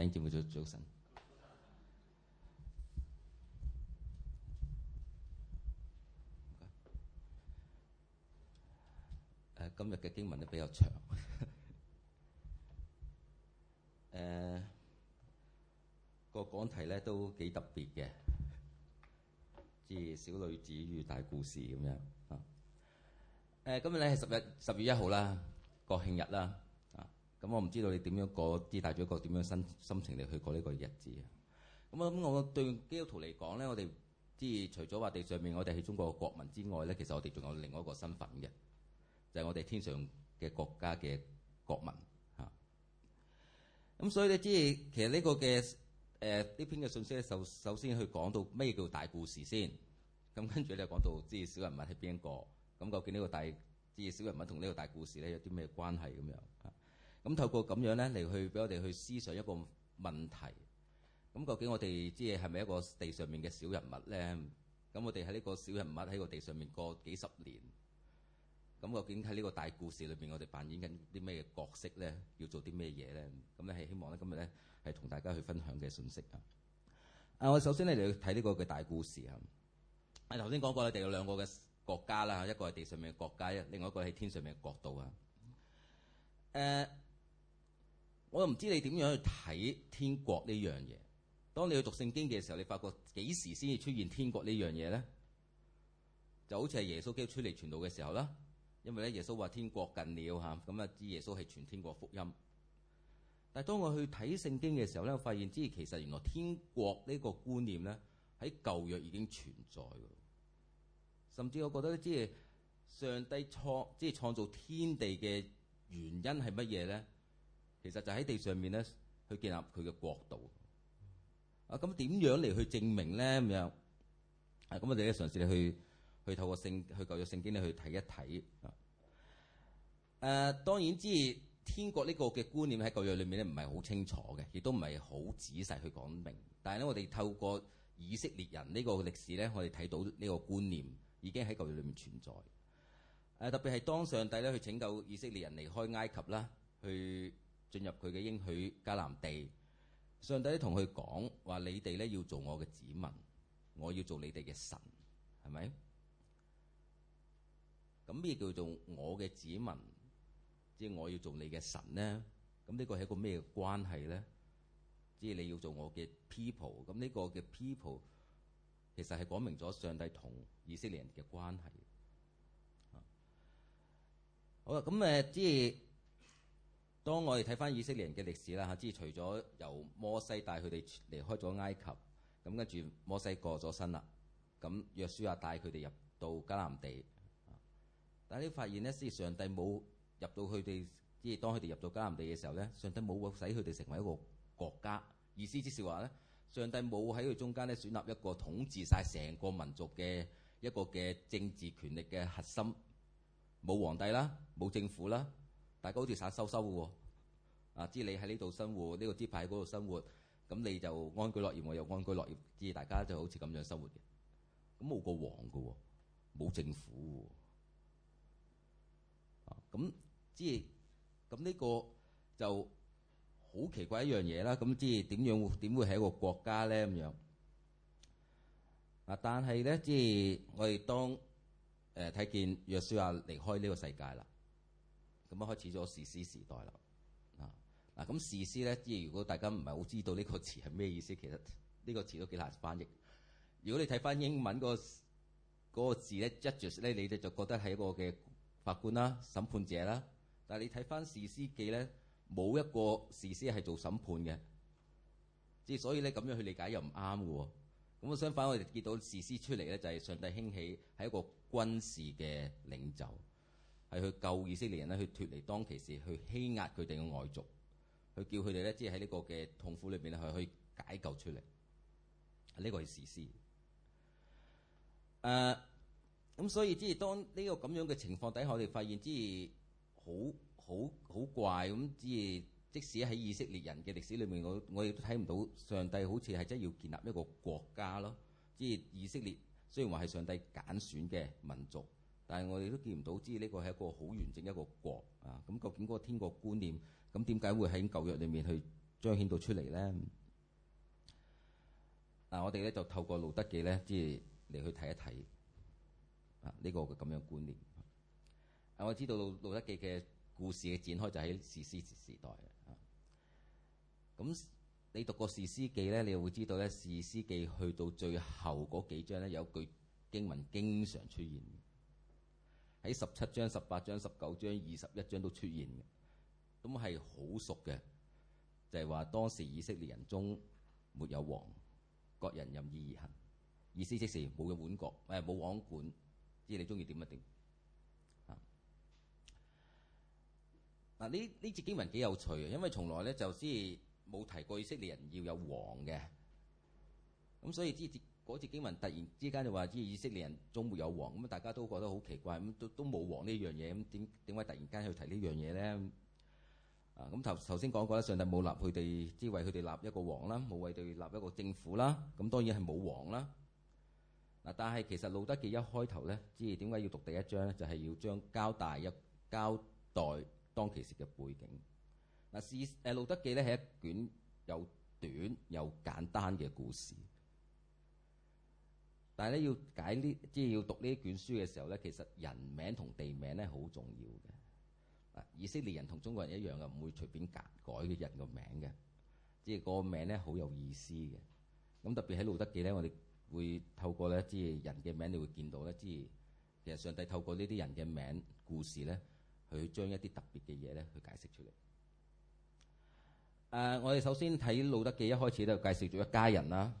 多謝無條件，早晨。誒，今日嘅經文咧比較長，誒，個講題咧都幾特別嘅，似小女子與大故事咁樣。誒，今日咧係十一十月一號啦，國慶日啦。嗯、我唔知道你點樣過，帶咗一個點樣心心情嚟去過呢個日子啊？咁我諗，我對基督徒嚟講咧，我哋即係除咗話地上面我哋係中國國民之外咧，其實我哋仲有另外一個身份嘅，就係、是、我哋天上嘅國家嘅國民嚇。咁、嗯、所以咧，即係其實呢個嘅誒呢篇嘅信息咧，首首先去講到咩叫大故事先。咁跟住咧講到即係小人物係邊一個？咁究竟呢個大即係小人物同呢個大故事咧有啲咩關係咁樣？咁透過咁樣咧嚟去俾我哋去思想一個問題，咁究竟我哋即係係咪一個地上面嘅小人物咧？咁我哋喺呢個小人物喺個地上面過幾十年，咁究竟喺呢個大故事裏邊，我哋扮演緊啲咩角色咧？要做啲咩嘢咧？咁咧係希望咧今日咧係同大家去分享嘅信息啊！啊，我首先咧嚟睇呢個嘅大故事啊！啊，頭先講過你哋有兩個嘅國家啦，一個係地上面嘅國家，另外一個喺天上面嘅國度啊！誒、呃。我又唔知你點樣去睇天國呢樣嘢。當你去讀聖經嘅時候，你發覺幾時先至出現天國呢樣嘢咧？就好似係耶穌基督出嚟傳道嘅時候啦。因為咧，耶穌話天國近了嚇，咁啊，知耶穌係全天國福音。但係當我去睇聖經嘅時候咧，我發現即係其實原來天國呢個觀念咧喺舊約已經存在㗎。甚至我覺得即係上帝創即係創造天地嘅原因係乜嘢咧？其實就喺地上面咧，去建立佢嘅國度啊！咁點樣嚟去證明咧？咁樣啊！咁我哋咧嘗試去去透過聖去舊約聖經咧去睇一睇啊！誒，當然之天國呢個嘅觀念喺舊約裏面咧唔係好清楚嘅，亦都唔係好仔細去講明。但係咧，我哋透過以色列人呢個歷史咧，我哋睇到呢個觀念已經喺舊約裏面存在。誒，特別係當上帝咧去拯救以色列人離開埃及啦，去。進入佢嘅應許迦南地，上帝同佢講話：你哋咧要做我嘅子民，我要做你哋嘅神，係咪？咁咩叫做我嘅子民？即係我要做你嘅神咧？咁呢個係一個咩關係咧？即係你要做我嘅 people，咁呢個嘅 people 其實係講明咗上帝同以色列人嘅關係。好啦，咁誒即係。當我哋睇翻以色列人嘅歷史啦，嚇，即係除咗由摩西帶佢哋離開咗埃及，咁跟住摩西過咗身啦，咁約書亞帶佢哋入到迦南地，但係你發現咧，即係上帝冇入到佢哋，即係當佢哋入到迦南地嘅時候咧，上帝冇使佢哋成為一個國家，意思即係話咧，上帝冇喺佢中間咧選立一個統治晒成個民族嘅一個嘅政治權力嘅核心，冇皇帝啦，冇政府啦。大家好似散收收嘅喎，啊！知你喺呢度生活，呢個支派喺嗰度生活，咁你就安居樂業喎，我又安居樂業，知大家就好似咁樣生活嘅，咁冇個王嘅喎，冇政府喎，啊！咁即係咁呢個就好奇怪一樣嘢啦。咁即係點樣會點會係一個國家咧咁樣？啊！但係咧，即係我哋當誒睇見約書亞離開呢個世界啦。咁啊開始咗士師時代啦，啊嗱咁士師咧，即係如果大家唔係好知道呢個詞係咩意思，其實呢個詞都幾難翻譯。如果你睇翻英文個嗰個字咧 judges 咧，你就就覺得係一個嘅法官啦、審判者啦。但係你睇翻士師記咧，冇一個士師係做審判嘅，即係所以咧咁樣去理解又唔啱嘅喎。咁啊相反，我哋見到士師出嚟咧，就係上帝興起係一個軍事嘅領袖。係去救以色列人咧，去脫離當其時，去欺壓佢哋嘅外族，去叫佢哋咧，即係喺呢個嘅痛苦裏邊咧，係去解救出嚟。呢個係士師。誒、呃，咁所以即係當呢個咁樣嘅情況底下，我哋發現，即係好好好怪咁。即係即使喺以色列人嘅歷史裏面，我我亦都睇唔到上帝好似係真要建立一個國家咯。即係以色列雖然話係上帝揀選嘅民族。但係我哋都見唔到，知呢個係一個好完整的一個國啊。咁究竟嗰個天國觀念咁點解會喺舊約裡面去彰顯到出嚟咧？嗱，我哋咧就透過路得記咧，即係嚟去睇一睇啊呢個咁樣觀念。我知道路得記嘅故事嘅展開就喺士師時代啊。咁你讀過士師記咧，你會知道咧，士師記去到最後嗰幾章咧，有句經文經常出現。喺十七章、十八章、十九章、二十一章都出現嘅，咁係好熟嘅。就係話當時以色列人中沒有王，各人任意而行。意思即是冇個管國，誒冇王管，即係你中意點乜點。嗱，呢呢節經文幾有趣嘅，因為從來咧就先冇提過以色列人要有王嘅。咁所以呢？嗰節經文突然之間就話啲以色列人中沒有王，咁大家都覺得好奇怪，咁都都冇王呢樣嘢，咁點點解突然間去提呢樣嘢咧？啊，咁頭頭先講過啦，上帝冇立佢哋，即係為佢哋立一個王啦，冇為佢立一個政府啦，咁當然係冇王啦。嗱，但係其實路得記一開頭咧，即係點解要讀第一章咧？就係要將交代一交代當其時嘅背景。嗱，是誒路得記咧係一卷又短又簡單嘅故事。但係咧，要解呢，即係要讀呢一卷書嘅時候咧，其實人名同地名咧好重要嘅。啊，以色列人同中國人一樣嘅，唔會隨便改改嘅人個名個名嘅，即係個名咧好有意思嘅。咁特別喺路得記咧，我哋會透過咧，即係人嘅名，你會見到咧，即係其實上帝透過呢啲人嘅名故事咧，去將一啲特別嘅嘢咧去解釋出嚟。誒，我哋首先睇路得記一開始都介紹咗一家人啦。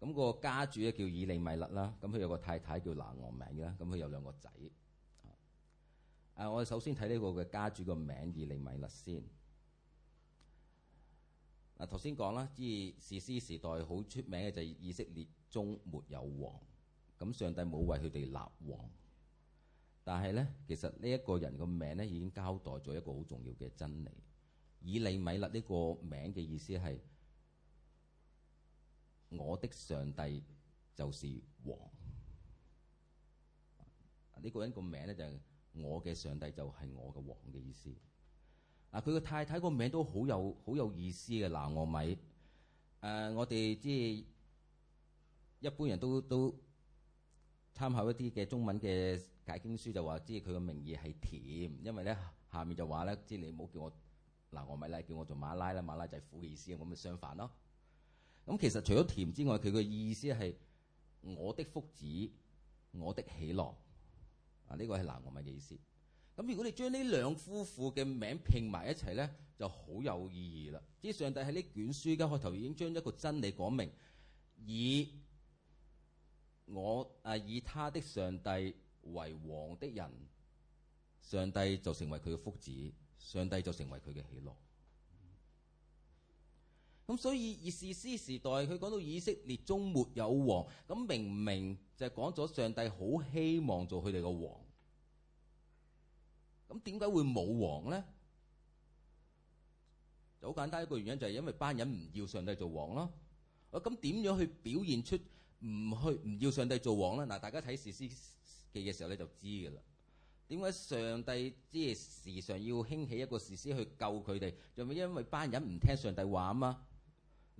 咁個家主咧叫以利米勒啦，咁佢有個太太叫拿俄米啦，咁佢有兩個仔。啊，我哋首先睇呢個嘅家主個名以利米勒先。嗱，頭先講啦，啲士師時代好出名嘅就係以色列中沒有王，咁上帝冇為佢哋立王。但係咧，其實呢一個人個名咧已經交代咗一個好重要嘅真理。以利米勒呢個名嘅意思係。我的上帝就是王。呢、這個人個名咧就係我嘅上帝就係我嘅王嘅意思。啊，佢嘅太太個名都好有好有意思嘅。拿俄米，誒、呃，我哋即係一般人都都參考一啲嘅中文嘅解經書，就話即係佢嘅名義係甜，因為咧下面就話咧，即係你唔好叫我拿俄米啦，叫我做馬拉啦，馬拉就係苦意思，咁咪相反咯。咁其實除咗甜之外，佢嘅意思係我的福祉，我的喜樂。啊，呢個係拿俄米嘅意思。咁如果你將呢兩夫婦嘅名拼埋一齊咧，就好有意義啦。即上帝喺呢卷書嘅開頭已經將一個真理講明：以我啊，以他的上帝為王的人，上帝就成為佢嘅福祉，上帝就成為佢嘅喜樂。咁所以以士師時代，佢講到以色列中沒有王，咁明明就係講咗上帝好希望做佢哋個王。咁點解會冇王咧？就好簡單一個原因，就係因為班人唔要上帝做王咯。咁點樣去表現出唔去唔要上帝做王咧？嗱，大家睇士師記嘅時候咧就知噶啦。點解上帝即係時常要興起一個士師去救佢哋？就咪係因為班人唔聽上帝話啊嘛？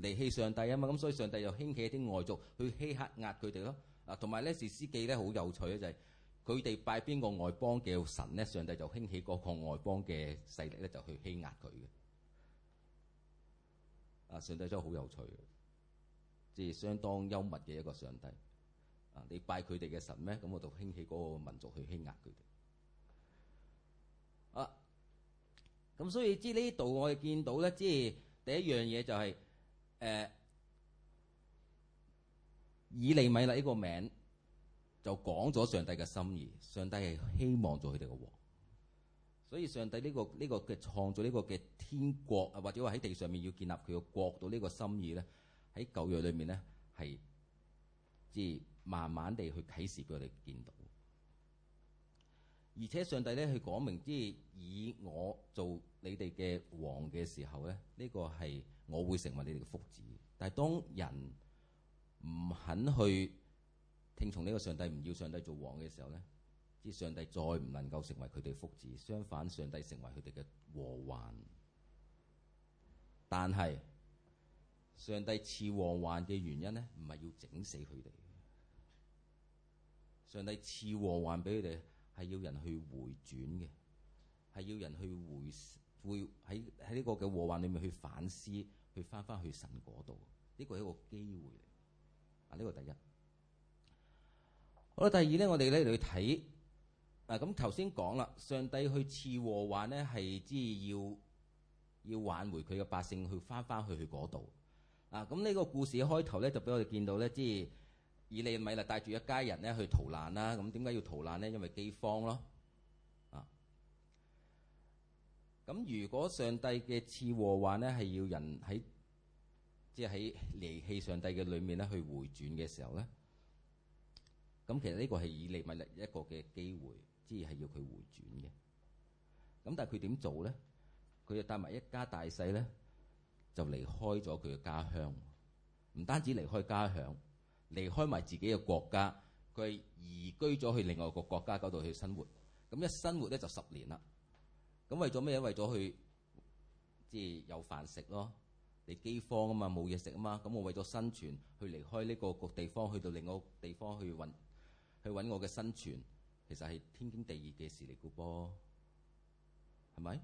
離棄上帝啊嘛，咁所以上帝又興起啲外族去欺壓佢哋咯。啊，同埋呢士師記咧好有趣嘅就係佢哋拜邊個外邦嘅神咧，上帝就興起嗰個外邦嘅勢力咧，就去欺壓佢嘅。啊，上帝真係好有趣，嘅，即係相當幽默嘅一個上帝。啊，你拜佢哋嘅神咩？咁我就興起嗰個民族去欺壓佢哋。啊，咁所以知呢度我哋見到咧，即係第一樣嘢就係、是。誒，以利米勒呢個名就講咗上帝嘅心意，上帝係希望做佢哋嘅王，所以上帝呢、呢個呢、呢個嘅創造呢個嘅天國啊，或者話喺地上面要建立佢嘅國度，呢個心意咧喺舊約裏面咧係即係慢慢地去啟示俾佢哋見到。而且上帝咧，佢講明，即係以我做你哋嘅王嘅時候咧，呢個係我會成為你哋嘅福祉。但係當人唔肯去聽從呢個上帝，唔要上帝做王嘅時候咧，即係上帝再唔能夠成為佢哋福祉，相反上帝成為佢哋嘅禍患。但係上帝賜禍患嘅原因咧，唔係要整死佢哋。上帝賜禍患俾佢哋，係要人去回轉嘅，係要人去回回喺喺呢個嘅禍患裏面去反思，去返返去神嗰度，呢個係一個機會嚟。啊，呢個第一。好啦，第二咧，我哋咧嚟睇，啊咁頭先講啦，上帝去賜禍患咧，係即係要要挽回佢嘅百姓去返返去去嗰度。啊，咁呢個故事一開頭咧，就俾我哋見到咧，即係。以利米勒帶住一家人咧去逃難啦，咁點解要逃難咧？因為饑荒咯，啊！咁如果上帝嘅賜禍患咧，係要人喺即係喺離棄上帝嘅裏面咧去回轉嘅時候咧，咁其實呢個係以利米勒一個嘅機會，即係要佢回轉嘅。咁但係佢點做咧？佢就帶埋一家大細咧，就離開咗佢嘅家鄉，唔單止離開家鄉。離開埋自己嘅國家，佢移居咗去另外個國家嗰度去生活，咁一生活咧就十年啦。咁為咗咩？為咗去，即係有飯食咯。你饑荒啊嘛，冇嘢食啊嘛，咁我為咗生存，去離開呢個個地方，去到另外個地方去搵，去搵我嘅生存，其實係天經地義嘅事嚟噶噃，係咪？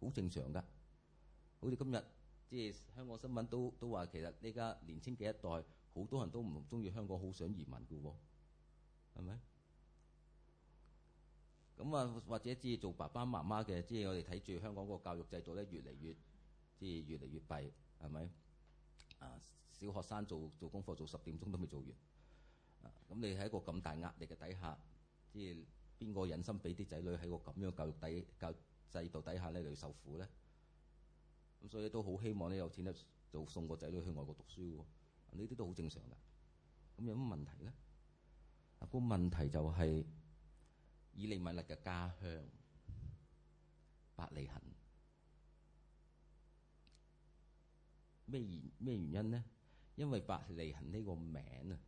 好正常噶，好似今日。即係香港新聞都都話，其實呢家年輕嘅一代好多人都唔中意香港，好想移民㗎喎，係咪？咁啊，或者即係做爸爸媽媽嘅，即係我哋睇住香港個教育制度咧，越嚟越即係越嚟越弊，係咪？啊，小學生做做功課做十點鐘都未做完，咁你喺一個咁大壓力嘅底下，即係邊個忍心俾啲仔女喺個咁樣教育底教制度底下咧你受苦咧？咁所以都好希望咧有錢咧就送個仔女去外國讀書喎，呢啲都好正常噶。咁有乜問題咧？個問題就係以利米勒嘅家鄉伯利恆，咩原咩原因咧？因為伯利恆呢個名啊，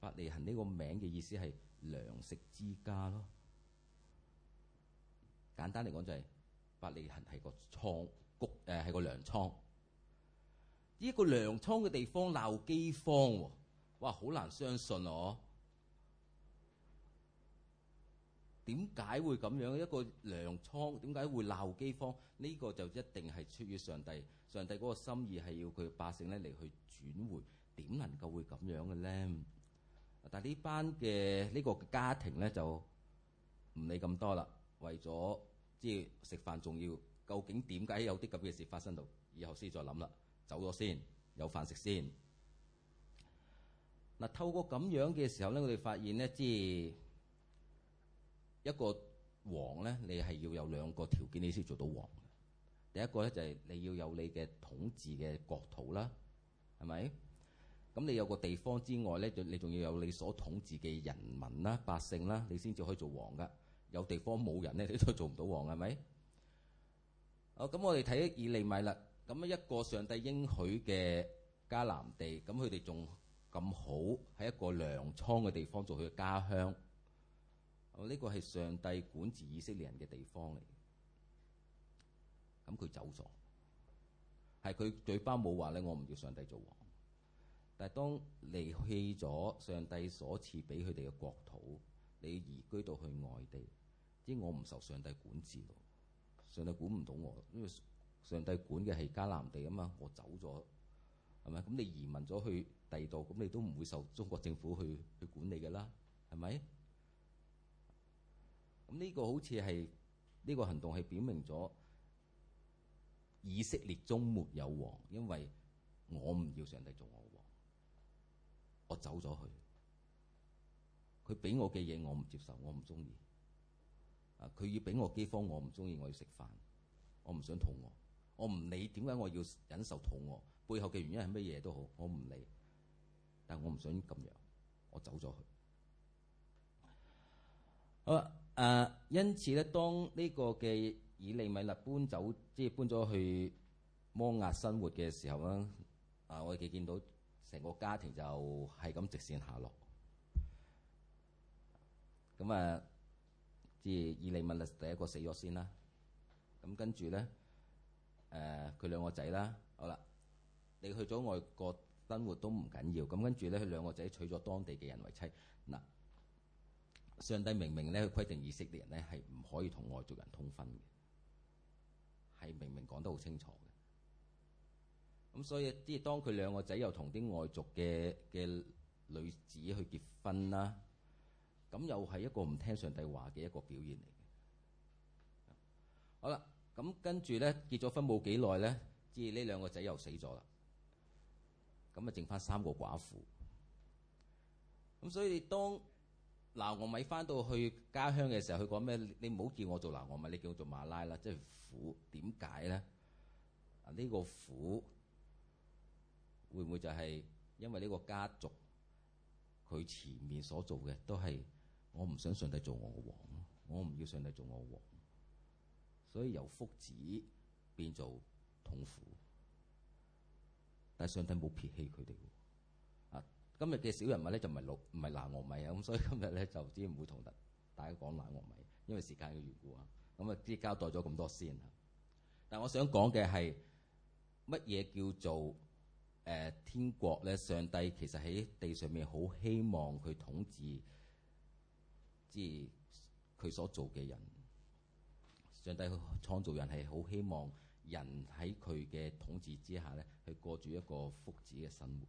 伯利恆呢個名嘅意思係糧食之家咯。簡單嚟講就係伯利恆係個倉。誒係個糧倉，一個糧倉嘅地方鬧饑荒喎，哇！好難相信哦，點解會咁樣？一個糧倉點解會鬧饑荒？呢個就一定係出於上帝，上帝嗰個心意係要佢百姓咧嚟去轉回，點能夠會咁樣嘅咧？但係呢班嘅呢個家庭咧就唔理咁多啦，為咗即係食飯仲要。究竟點解有啲咁嘅事發生到？以後先再諗啦，走咗先，有飯食先。嗱，透過咁樣嘅時候咧，我哋發現咧，即係一個王咧，你係要有兩個條件，你先做到王。第一個咧就係你要有你嘅統治嘅國土啦，係咪？咁你有個地方之外咧，你仲要有你所統治嘅人民啦、百姓啦，你先至可以做王噶。有地方冇人咧，你都做唔到王，係咪？哦，咁我哋睇以利米勒，咁啊一個上帝應許嘅迦南地，咁佢哋仲咁好，喺一個糧倉嘅地方做佢嘅家鄉。哦，呢個係上帝管治以色列人嘅地方嚟。咁佢走咗，係佢嘴巴冇話咧，我唔要上帝做王。但係當離棄咗上帝所賜俾佢哋嘅國土，你移居到去外地，即係我唔受上帝管治。上帝管唔到我，因為上帝管嘅係迦南地啊嘛，我走咗係咪？咁你移民咗去第二度，咁你都唔會受中國政府去去管理㗎啦，係咪？咁呢個好似係呢個行動係表明咗以色列中沒有王，因為我唔要上帝做我王，我走咗去，佢俾我嘅嘢我唔接受，我唔中意。佢要俾我饑荒，我唔中意。我要食飯，我唔想肚餓。我唔理點解我要忍受肚餓，背後嘅原因係乜嘢都好，我唔理。但我唔想咁樣，我走咗去。好啦、呃，因此咧，當呢個嘅以利米勒搬走，即係搬咗去摩押生活嘅時候咧，啊，我哋見到成個家庭就係咁直線下落。咁啊、呃、～即係以利亞勒第一個死咗先啦，咁跟住咧，誒、呃、佢兩個仔啦，好啦，你去咗外國生活都唔緊要，咁跟住咧，佢兩個仔娶咗當地嘅人為妻，嗱，上帝明明咧，佢規定以色列人咧係唔可以同外族人通婚嘅，係明明講得好清楚嘅，咁所以即係當佢兩個仔又同啲外族嘅嘅女子去結婚啦。咁又係一個唔聽上帝話嘅一個表現嚟嘅。好啦，咁跟住咧，結咗婚冇幾耐咧，即係呢兩個仔又死咗啦。咁啊剩翻三個寡婦。咁所以當拿俄米翻到去家鄉嘅時候，佢講咩？你唔好叫我做拿俄米，你叫我做馬拉啦，即係苦。點解咧？啊、這、呢個苦會唔會就係因為呢個家族佢前面所做嘅都係？我唔想上帝做我嘅王，我唔要上帝做我王，所以由福祉變做痛苦。但係上帝冇撇棄佢哋喎啊！今日嘅小人物咧就唔係老唔係拿俄米啊，咁所以今日咧就只唔會同大大家講拿俄米，因為時間嘅緣故啊。咁啊，先交代咗咁多先啊。但係我想講嘅係乜嘢叫做誒、呃、天國咧？上帝其實喺地上面好希望佢統治。即係佢所做嘅人，上帝創造人係好希望人喺佢嘅統治之下咧，去過住一個福祉嘅生活。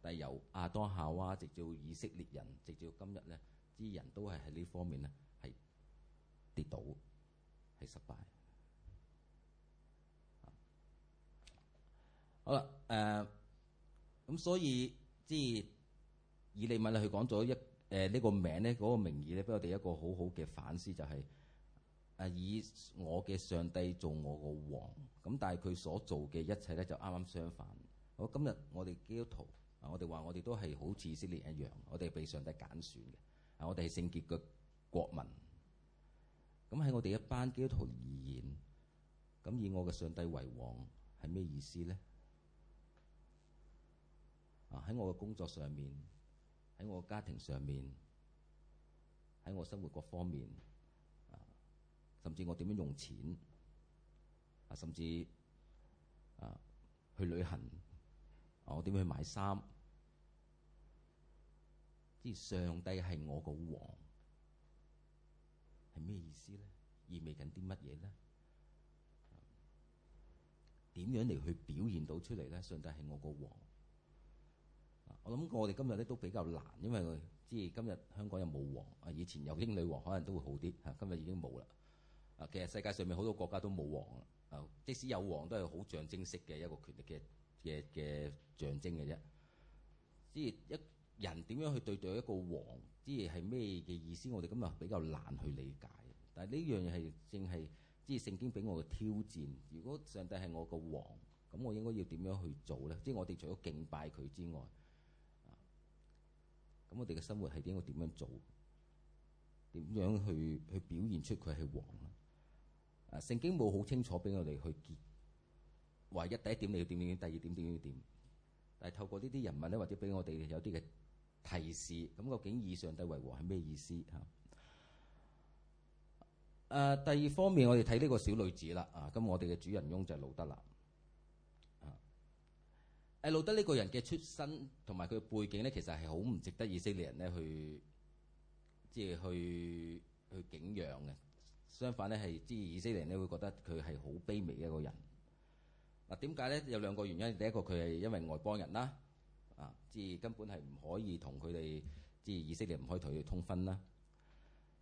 但係由亞當夏娃直至以色列人，直至今日咧，啲人都係喺呢方面咧，係跌倒係失敗好。好啦，誒咁，所以即係以利米勒咧，去講咗一。誒呢個名咧，嗰、這個名義咧，俾我哋一個好好嘅反思，就係啊，以我嘅上帝做我個王，咁但係佢所做嘅一切咧，就啱啱相反。我今日我哋基督徒，我哋話我哋都係好似以色列一樣，我哋被上帝揀選嘅，啊，我哋係聖潔嘅國民。咁喺我哋一班基督徒而言，咁以我嘅上帝為王係咩意思咧？啊，喺我嘅工作上面。喺我家庭上面，喺我生活各方面，甚至我點樣用錢，甚至去旅行，我點樣去買衫，即係上帝係我個王，係咩意思咧？意味緊啲乜嘢咧？點樣嚟去表現到出嚟咧？上帝係我個王。我諗，我哋今日咧都比較難，因為即係今日香港有冇王啊？以前有英女王可能都會好啲吓。今日已經冇啦。啊，其實世界上面好多國家都冇王。即使有王，都係好象徵式嘅一個權力嘅嘅嘅象徵嘅啫。即係一人點樣去對待一個王，即係係咩嘅意思？我哋今日比較難去理解。但係呢樣嘢係正係即係聖經俾我嘅挑戰。如果上帝係我個王，咁我應該要點樣去做咧？即係我哋除咗敬拜佢之外。咁我哋嘅生活係點樣？點樣做？點樣去去表現出佢係王咧？啊，聖經冇好清楚俾我哋去結，唯一第一點你要點點點，第二點點要點。但係透過呢啲人物咧，或者俾我哋有啲嘅提示。咁究竟以上帝為王係咩意思吓？誒，第二方面我哋睇呢個小女子啦。啊，咁我哋嘅主人翁就係路得啦。誒，路得呢個人嘅出身同埋佢背景咧，其實係好唔值得以色列人咧去，即係去去敬仰嘅。相反咧，係即係以色列人咧會覺得佢係好卑微嘅一個人。嗱，點解咧？有兩個原因。第一個佢係因為外邦人啦，啊，即係根本係唔可以同佢哋，即係以色列唔可以同佢通婚啦。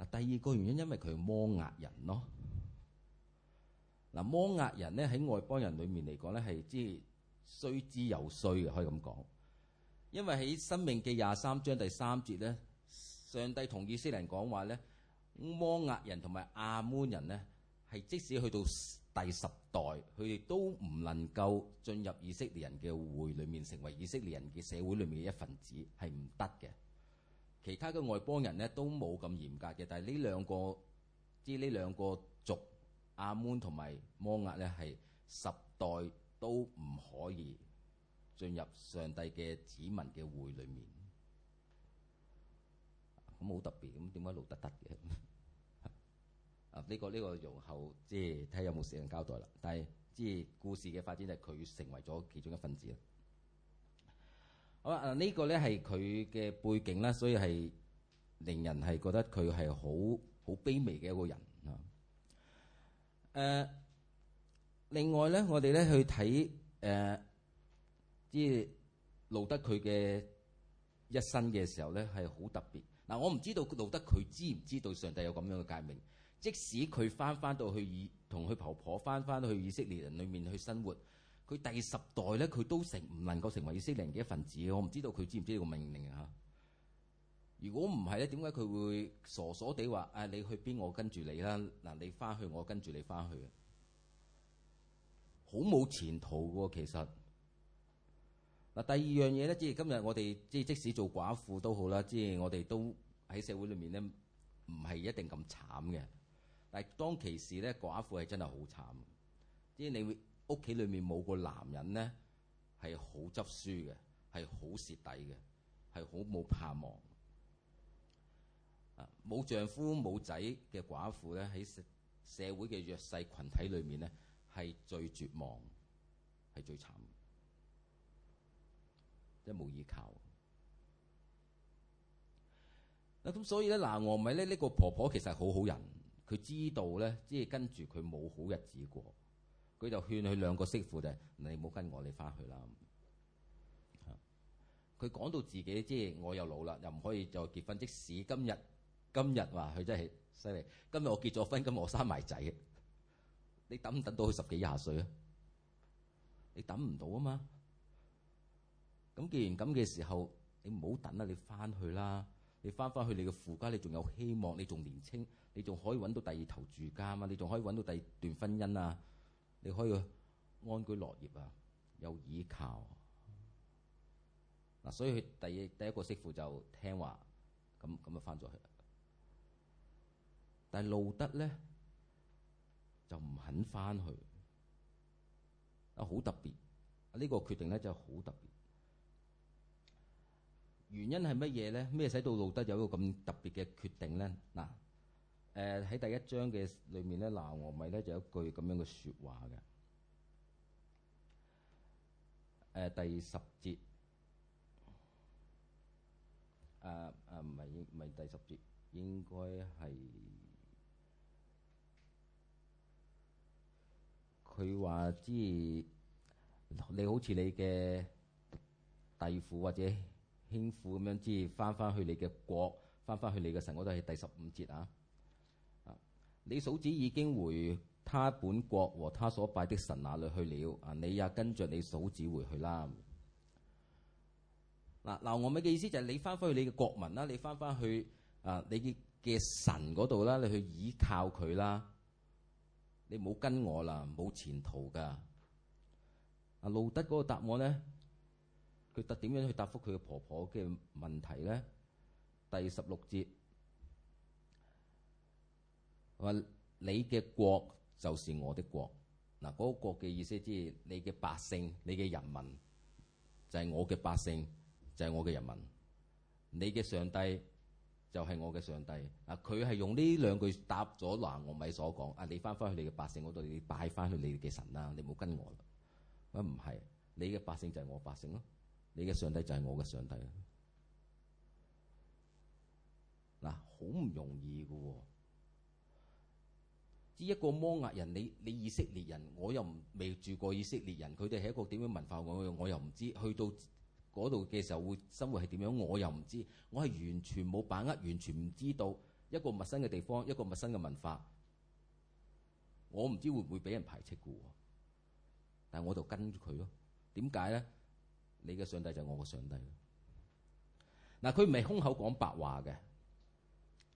嗱，第二個原因，因為佢係摩押人咯。嗱，摩押人咧，喺外邦人裡面嚟講咧係即係。衰之有衰嘅，可以咁講。因為喺《申命記》廿三章第三節咧，上帝同以色列人講話咧，摩押人同埋亞門人咧，係即使去到第十代，佢哋都唔能夠進入以色列人嘅會裏面，成為以色列人嘅社會裏面嘅一份子，係唔得嘅。其他嘅外邦人咧都冇咁嚴格嘅，但係呢兩個，即呢兩個族亞門同埋摩押咧，係十代。都唔可以進入上帝嘅子民嘅會裏面，咁好特別咁點解路得得嘅？德德 啊呢、這個呢、這個容後，即係睇下有冇時間交代啦。但係即係故事嘅發展就佢成為咗其中一份子啦。好啊，呢、這個咧係佢嘅背景啦，所以係令人係覺得佢係好好卑微嘅一個人啊。誒。另外咧，我哋咧去睇誒，即、呃、係路得佢嘅一生嘅時候咧，係好特別。嗱，我唔知道路得佢知唔知道上帝有咁樣嘅誡命，即使佢翻翻到去以同佢婆婆翻翻去以色列人裏面去生活，佢第十代咧，佢都成唔能夠成為以色列人嘅一份子。我唔知道佢知唔知呢個命令啊！如果唔係咧，點解佢會傻傻地話誒、啊？你去邊，我跟住你啦！嗱，你翻去我跟住你翻去。好冇前途喎，其實嗱，第二樣嘢咧，即係今日我哋即係即使做寡婦都好啦，即係我哋都喺社會裏面咧，唔係一定咁慘嘅。但係當其時咧，寡婦係真係好慘，即係你會屋企裏面冇個男人咧，係好執輸嘅，係好蝕底嘅，係好冇盼望啊！冇丈夫冇仔嘅寡婦咧，喺社社會嘅弱勢群體裏面咧，係最絕望，係最慘，一無依靠。嗱咁所以咧，嗱我唔係咧，呢個婆婆其實好好人，佢知道咧，即係跟住佢冇好日子過，佢就勸佢兩個媳婦就，你唔好跟我哋翻去啦。佢講到自己，即係我又老啦，又唔可以再結婚。即使今日，今日話佢真係犀利，今日我結咗婚，咁我生埋仔。你等唔等到佢十幾廿歲啊？你等唔到啊嘛！咁既然咁嘅時候，你唔好等啦，你翻去啦，你翻翻去你嘅父家，你仲有希望，你仲年青，你仲可以揾到第二頭住家啊嘛，你仲可以揾到第二段婚姻啊，你可以安居樂業啊，有依靠。嗱，所以第第一個媳婦就聽話，咁咁就翻咗去。但係路德咧，就唔肯翻去啊！好特別呢、呢個決定咧就好特別。原因係乜嘢咧？咩使到路德有一個咁特別嘅決定咧？嗱，誒、呃、喺第一章嘅裏面咧，拿俄米咧就有一句咁樣嘅説話嘅。誒、呃、第十節，啊啊，唔係唔係第十節，應該係。佢話：之你好似你嘅弟父或者兄父咁樣，之翻翻去你嘅國，翻翻去你嘅神嗰度。我都喺第十五節啊。你嫂子已經回他本國和他所拜的神那裏去了。啊，你也跟著你嫂子回去啦。嗱嗱，拿俄米嘅意思就係你翻翻去你嘅國民啦，你翻翻去啊，你嘅嘅神嗰度啦，你去依靠佢啦。你冇跟我啦，冇前途噶。啊，路得嗰個答案咧，佢答點樣去答覆佢嘅婆婆嘅問題咧？第十六節話你嘅國就是我的國，嗱，嗰個國嘅意思即係你嘅百姓，你嘅人民就係我嘅百姓，就係我嘅人民，你嘅上帝。就係我嘅上帝啊！佢係用呢兩句答咗。嗱，我咪所講啊！你翻返去你嘅百姓嗰度，你拜返去你嘅神啦！你唔好跟我啦！乜唔係？你嘅百姓就係我百姓咯，你嘅上帝就係我嘅上帝啦！嗱，好唔容易嘅喎！依一個摩押人，你你以色列人，我又未住過以色列人，佢哋係一個點樣文化，我我又唔知。去到嗰度嘅時候會生活係點樣？我又唔知，我係完全冇把握，完全唔知道一個陌生嘅地方，一個陌生嘅文化，我唔知會唔會俾人排斥嘅喎。但係我就跟住佢咯。點解咧？你嘅上帝就係我嘅上帝嗱，佢唔係空口講白話嘅，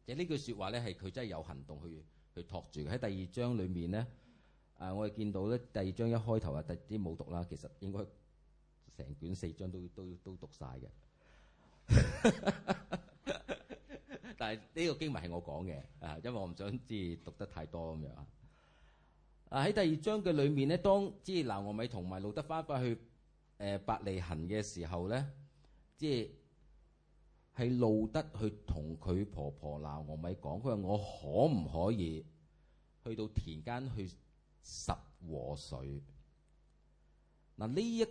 就係呢句説話咧，係佢真係有行動去去託住。喺第二章裡面咧，誒、啊、我哋見到咧第二章一開頭啊，第啲冇讀啦，其實應該。成卷四章都都都讀晒嘅，但係呢個經文係我講嘅啊，因為我唔想知讀得太多咁樣啊。喺第二章嘅裡面呢，當即係拿俄米同埋路得翻返去誒伯利恆嘅時候咧，即係路得去同佢婆婆拿俄米講，佢話我可唔可以去到田間去拾禾穗嗱？呢一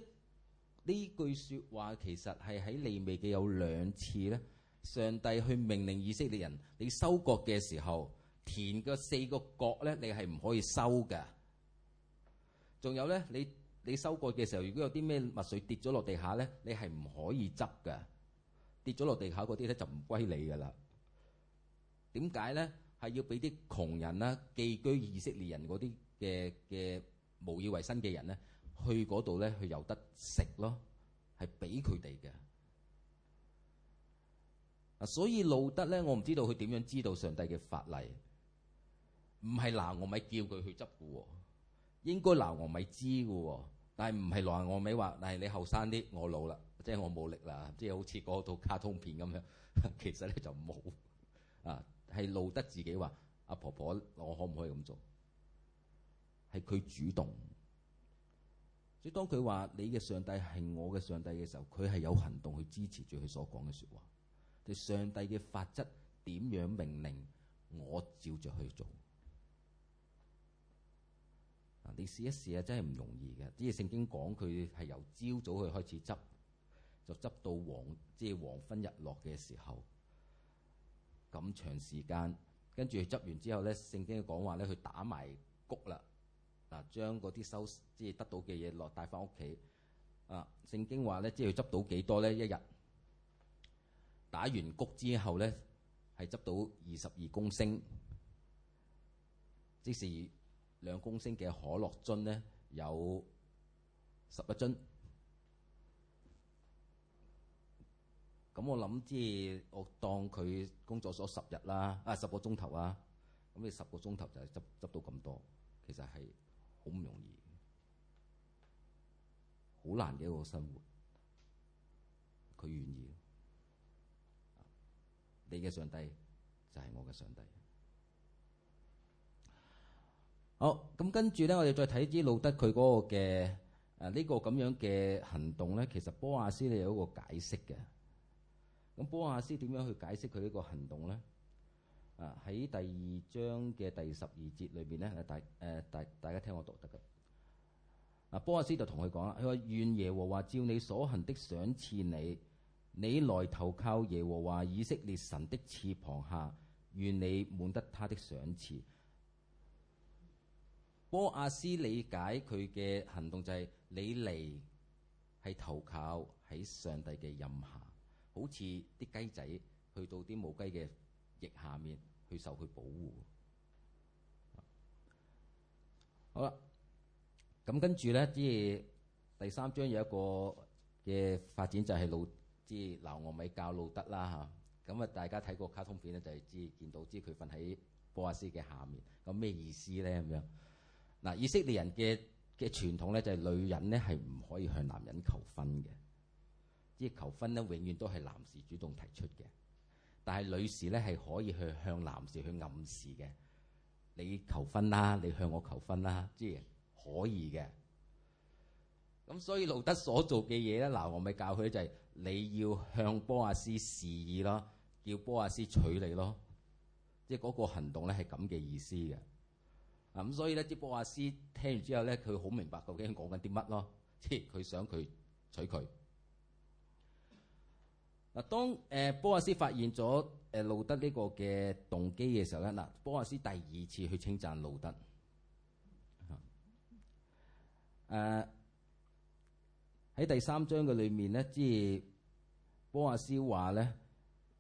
呢句説話其實係喺利未記有兩次咧，上帝去命令以色列人，你收割嘅時候，田嘅四個角咧，你係唔可以收㗎。仲有咧，你你收割嘅時候，如果有啲咩墨水跌咗落地下咧，你係唔可以執㗎。跌咗落地下嗰啲咧就唔歸你噶啦。點解咧？係要俾啲窮人啦、寄居以色列人嗰啲嘅嘅無以為生嘅人咧，去嗰度咧，佢有得食咯，係俾佢哋嘅。啊，所以路得咧，我唔知道佢點樣知道上帝嘅法例，唔係嗱我咪叫佢去執嘅喎，應該嗱我咪知嘅喎，但係唔係嗱我咪話，但係你後生啲，我老啦，即係我冇力啦，即係好似嗰套卡通片咁樣，其實咧就冇啊，係路得自己話，阿婆婆我可唔可以咁做？係佢主動。當佢話你嘅上帝係我嘅上帝嘅時候，佢係有行動去支持住佢所講嘅說話。就上帝嘅法則點樣命令，我照着去做。你試一試啊，真係唔容易嘅。只係聖經講佢係由朝早去開始執，就執到黃即係黃昏日落嘅時候，咁長時間。跟住執完之後咧，聖經講話咧，佢打埋谷啦。嗱，將嗰啲收即係得到嘅嘢落帶翻屋企。啊，聖經話咧，即係執到幾多咧？一日打完谷之後咧，係執到二十二公升，即是兩公升嘅可樂樽咧，有十一樽。咁我諗，即係我當佢工作咗十日啦，啊，十個鐘頭啊，咁你十個鐘頭就係執執到咁多，其實係。好唔容易，好難嘅一個生活，佢願意。你嘅上帝就係我嘅上帝。好，咁跟住咧，我哋再睇啲路得佢嗰個嘅誒呢個咁樣嘅行動咧，其實波阿斯你有一個解釋嘅。咁波阿斯點樣去解釋佢呢個行動咧？喺第二章嘅第十二節裏邊咧，大誒大、呃、大家聽我讀得㗎。啊，波阿斯就同佢講啦，佢話願耶和華照你所行的賞賜你，你來投靠耶和華以色列神的翅膀下，願你滿得他的賞賜。波阿斯理解佢嘅行動就係、是、你嚟係投靠喺上帝嘅任下，好似啲雞仔去到啲母雞嘅翼下面去受佢保護好了。好啦，咁跟住咧，即係第三章有一個嘅發展，就係、是、老，即係拿俄米教路得啦嚇。咁啊，大家睇過卡通片咧，就係知，見到，即係佢瞓喺波阿斯嘅下面，咁咩意思咧？咁樣嗱，以色列人嘅嘅傳統咧、就是，就係女人咧係唔可以向男人求婚嘅，即係求婚咧，永遠都係男士主動提出嘅。但係女士咧係可以去向男士去暗示嘅，你求婚啦，你向我求婚啦，即係可以嘅。咁所以路得所做嘅嘢咧，嗱我咪教佢就係、是、你要向波阿斯示意咯，叫波阿斯娶你咯，即係嗰個行動咧係咁嘅意思嘅。啊咁所以咧，即波阿斯聽完之後咧，佢好明白究竟講緊啲乜咯，即係佢想佢娶佢。嗱，當波亞斯發現咗誒路得呢個嘅動機嘅時候咧，嗱，波亞斯第二次去稱讚路得誒喺第三章嘅裏面咧，即係波亞斯話咧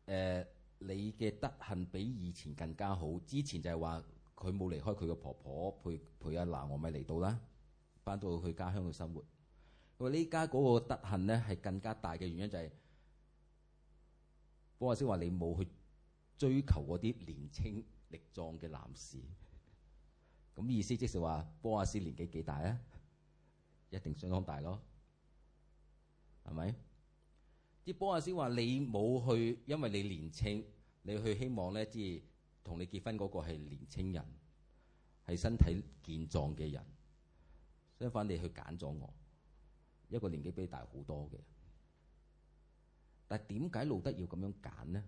誒，你嘅德行比以前更加好。之前就係話佢冇離開佢嘅婆婆陪，陪陪阿娜，我咪嚟到啦，翻到去家鄉嘅生活。佢話呢家嗰個德行咧係更加大嘅原因就係、是。波亞斯話：你冇去追求嗰啲年青力壯嘅男士，咁意思即係話，波亞斯年紀幾大啊？一定相當大咯，係咪？即波亞斯話你冇去，因為你年青，你去希望咧，即係同你結婚嗰個係年青人，係身體健壯嘅人。相反，你去揀咗我，一個年紀比你大好多嘅。但點解路得要咁樣揀呢？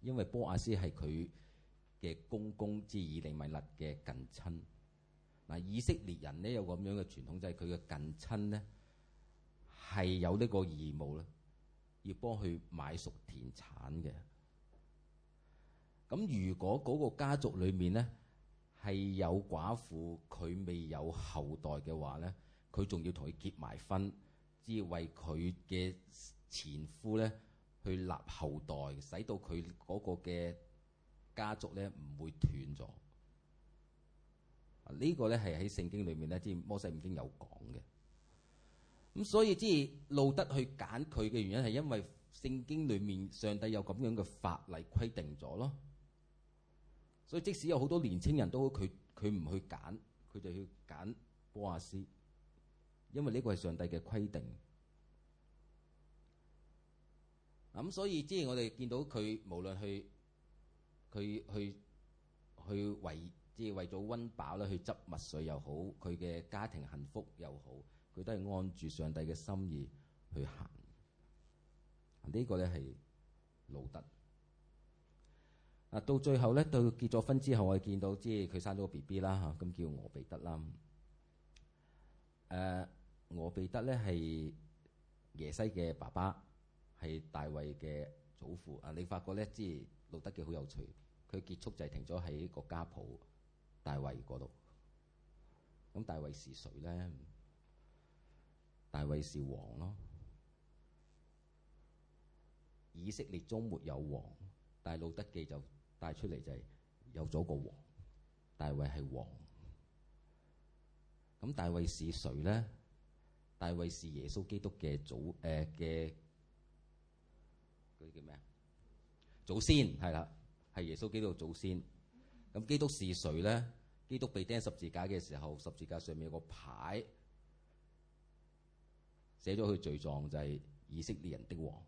因為波亞斯係佢嘅公公，即係以利米勒嘅近親。嗱，以色列人呢，有個咁樣嘅傳統，就係佢嘅近親呢，係有呢個義務啦，要幫佢買熟田產嘅。咁如果嗰個家族裏面呢，係有寡婦，佢未有後代嘅話，呢佢仲要同佢結埋婚，即係為佢嘅前夫咧去立後代，使到佢嗰個嘅家族咧唔會斷咗。呢個咧係喺聖經裏面咧，即係摩西五經有講嘅。咁所以即係路德去揀佢嘅原因，係因為聖經裏面上帝有咁樣嘅法例規定咗咯。所以即使有好多年輕人都佢佢唔去揀，佢就去揀波亞斯，因為呢個係上帝嘅規定。咁、嗯、所以即係我哋見到佢，無論去佢去去為即係為咗温飽啦，去執麥穗又好，佢嘅家庭幸福又好，佢都係按住上帝嘅心意去行。呢、這個咧係路得。啊，到最後咧，到結咗婚之後我們寶寶我、呃，我哋見到即係佢生咗個 B B 啦嚇，咁叫俄備得啦。誒，俄備得咧係耶西嘅爸爸，係大衛嘅祖父啊！你發覺咧，即係路得記好有趣，佢結束就係停咗喺個家譜大衛嗰度。咁大衛係誰咧？大衛係王咯。以色列中沒有王，但係路得記就帶出嚟就係有咗個王，大衛係王。咁大衛係誰咧？大衛係耶穌基督嘅祖誒嘅。呃啲叫咩？祖先係啦，係耶穌基督嘅祖先。咁基督是誰咧？基督被釘十字架嘅時候，十字架上面有個牌，寫咗佢罪狀，就係以色列人的王。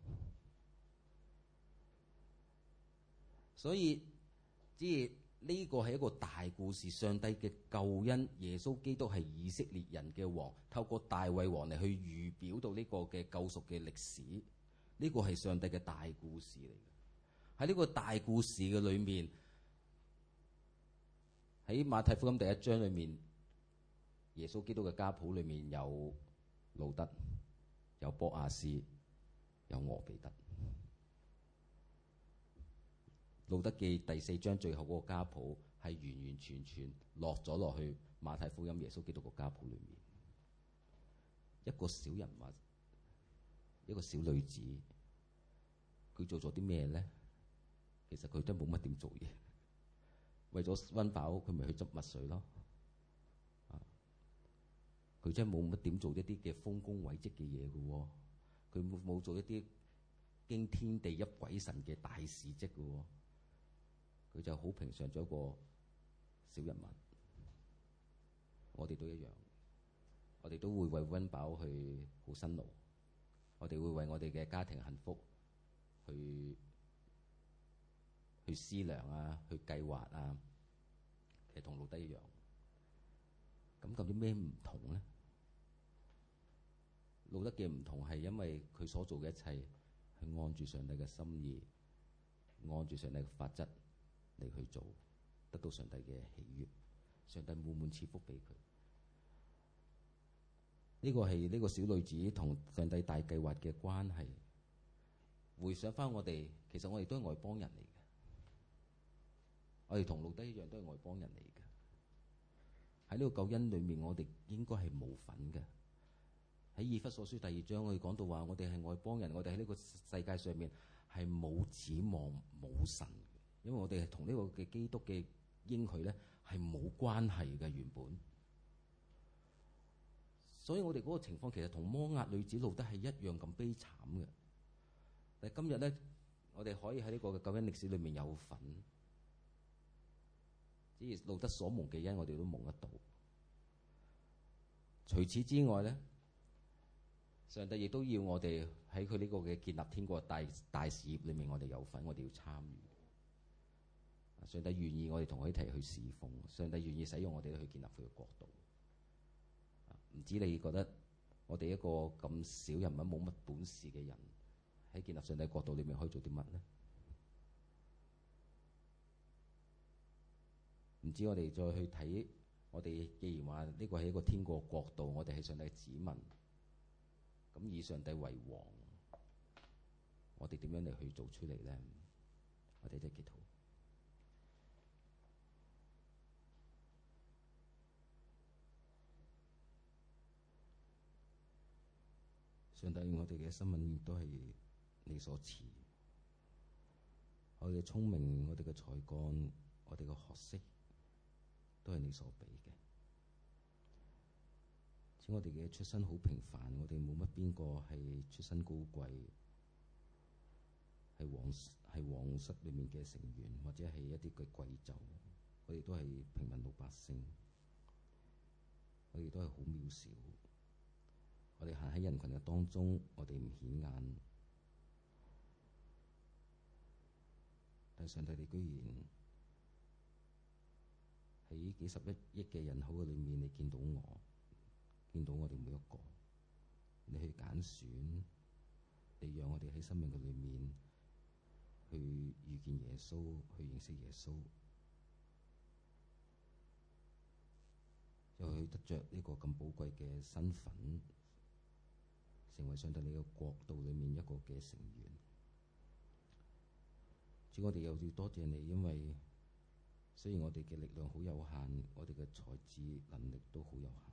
所以，即係呢個係一個大故事，上帝嘅救恩，耶穌基督係以色列人嘅王，透過大衛王嚟去預表到呢個嘅救贖嘅歷史。呢個係上帝嘅大故事嚟嘅，喺呢個大故事嘅裏面，喺馬太福音第一章裏面，耶穌基督嘅家譜裏面有路得，有波阿斯，有俄備得。路得記第四章最後嗰個家譜係完完全全落咗落去馬太福音耶穌基督嘅家譜裏面，一個小人物。一個小女子，佢做咗啲咩呢？其實佢真係冇乜點做嘢，為咗温飽，佢咪去執麥穗咯。佢真係冇乜點做一啲嘅豐功偉績嘅嘢嘅喎，佢冇做一啲驚天地泣鬼神嘅大事蹟嘅喎，佢就好平常咗一個小人物。我哋都一樣，我哋都會為温飽去好辛勞。我哋會為我哋嘅家庭幸福去去思量啊，去計劃啊，其實同路得一樣。咁究竟咩唔同呢？路得嘅唔同係因為佢所做嘅一切係按住上帝嘅心意，按住上帝嘅法則嚟去做，得到上帝嘅喜悅，上帝滿滿賜福俾佢。呢個係呢個小女子同上帝大計劃嘅關係。回想翻我哋，其實我哋都係外邦人嚟嘅。我哋同路得一樣都係外邦人嚟嘅。喺呢個救恩裡面，我哋應該係冇份嘅。喺以弗所書第二章，我哋講到話：我哋係外邦人，我哋喺呢個世界上面係冇指望冇神嘅，因為我哋係同呢個嘅基督嘅應許咧係冇關係嘅原本。所以我哋嗰個情況其實同摩押女子路得係一樣咁悲慘嘅。但今日咧，我哋可以喺呢個嘅救恩歷史裏面有份，只係路得所蒙嘅恩，我哋都蒙得到。除此之外呢，上帝亦都要我哋喺佢呢個嘅建立天國大事業裏面，我哋有份，我哋要參與。上帝願意我哋同佢一齊去侍奉，上帝願意使用我哋去建立佢嘅國度。唔知你覺得我哋一個咁少人物冇乜本事嘅人，喺建立上帝國度裏面可以做啲乜呢？唔知我哋再去睇我哋，既然話呢個係一個天國國度，我哋係上帝嘅子民，咁以上帝為王，我哋點樣嚟去做出嚟咧？我哋一啲祈禱。上等於我哋嘅新聞都係你所持，我哋嘅聰明，我哋嘅才幹，我哋嘅學識都係你所俾嘅。似我哋嘅出身好平凡，我哋冇乜邊個係出身高貴，係皇係皇室裏面嘅成員，或者係一啲嘅貴胄，我哋都係平民老百姓，我哋都係好渺小，我哋行喺人群嘅當中，我哋唔顯眼，但上帝，你居然喺幾十一億嘅人口嘅裏面，你見到我，見到我哋每一個，你去揀選，你讓我哋喺生命嘅裏面去遇見耶穌，去認識耶穌，又去得着呢個咁寶貴嘅身份。成為上帝你嘅國度裏面一個嘅成員。主，我哋又要多謝你，因為雖然我哋嘅力量好有限，我哋嘅才智能力都好有限，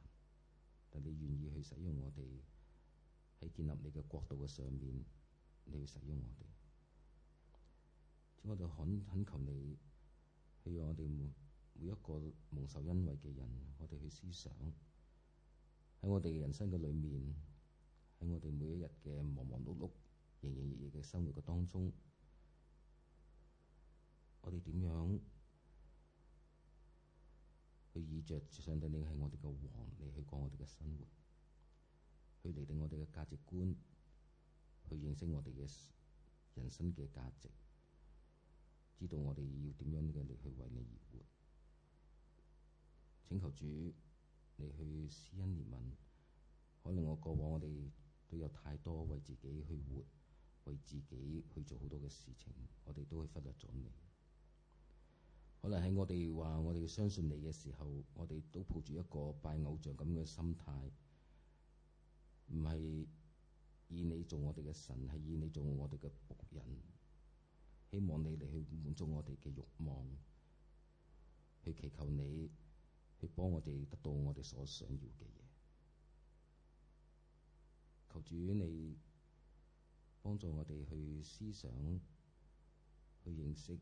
但你願意去使用我哋喺建立你嘅國度嘅上面，你去使用我哋。主，我哋懇懇求你，希望我哋每每一個蒙受恩惠嘅人，我哋去思想喺我哋嘅人生嘅裏面。喺我哋每一日嘅忙忙碌碌、營營役役嘅生活嘅當中，我哋點樣去倚著上帝？你係我哋嘅王，你去過我哋嘅生活，去釐定我哋嘅價值觀，去認識我哋嘅人生嘅價值，知道我哋要點樣嘅嚟去為你而活。請求主，你去施恩憐憫，可能我過往我哋，都有太多為自己去活，為自己去做好多嘅事情，我哋都會忽略咗你。可能喺我哋話我哋要相信你嘅時候，我哋都抱住一個拜偶像咁嘅心態，唔係以你做我哋嘅神，係以你做我哋嘅僕人，希望你嚟去滿足我哋嘅慾望，去祈求你去幫我哋得到我哋所想要嘅嘢。求主你，你幫助我哋去思想、去認識，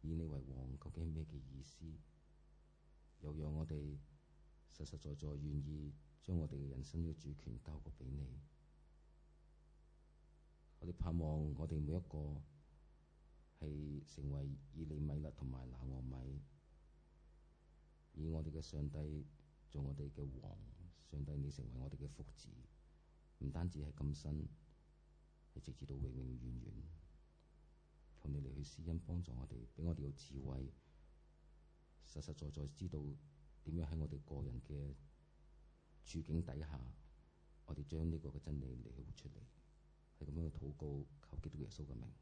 以你為王究竟係咩嘅意思？又讓我哋實實在在願意將我哋人生嘅主權交過俾你。我哋盼望我哋每一個係成為以你利米勒，同埋拿俄米以我哋嘅上帝做我哋嘅王。上帝，你成為我哋嘅福祉。唔單止係今生，係直至到永永遠遠，求你嚟去施恩幫助我哋，俾我哋有智慧，實實在在知道點樣喺我哋個人嘅處境底下，我哋將呢個嘅真理嚟到活出嚟，係咁樣去禱告，求基督耶穌嘅名。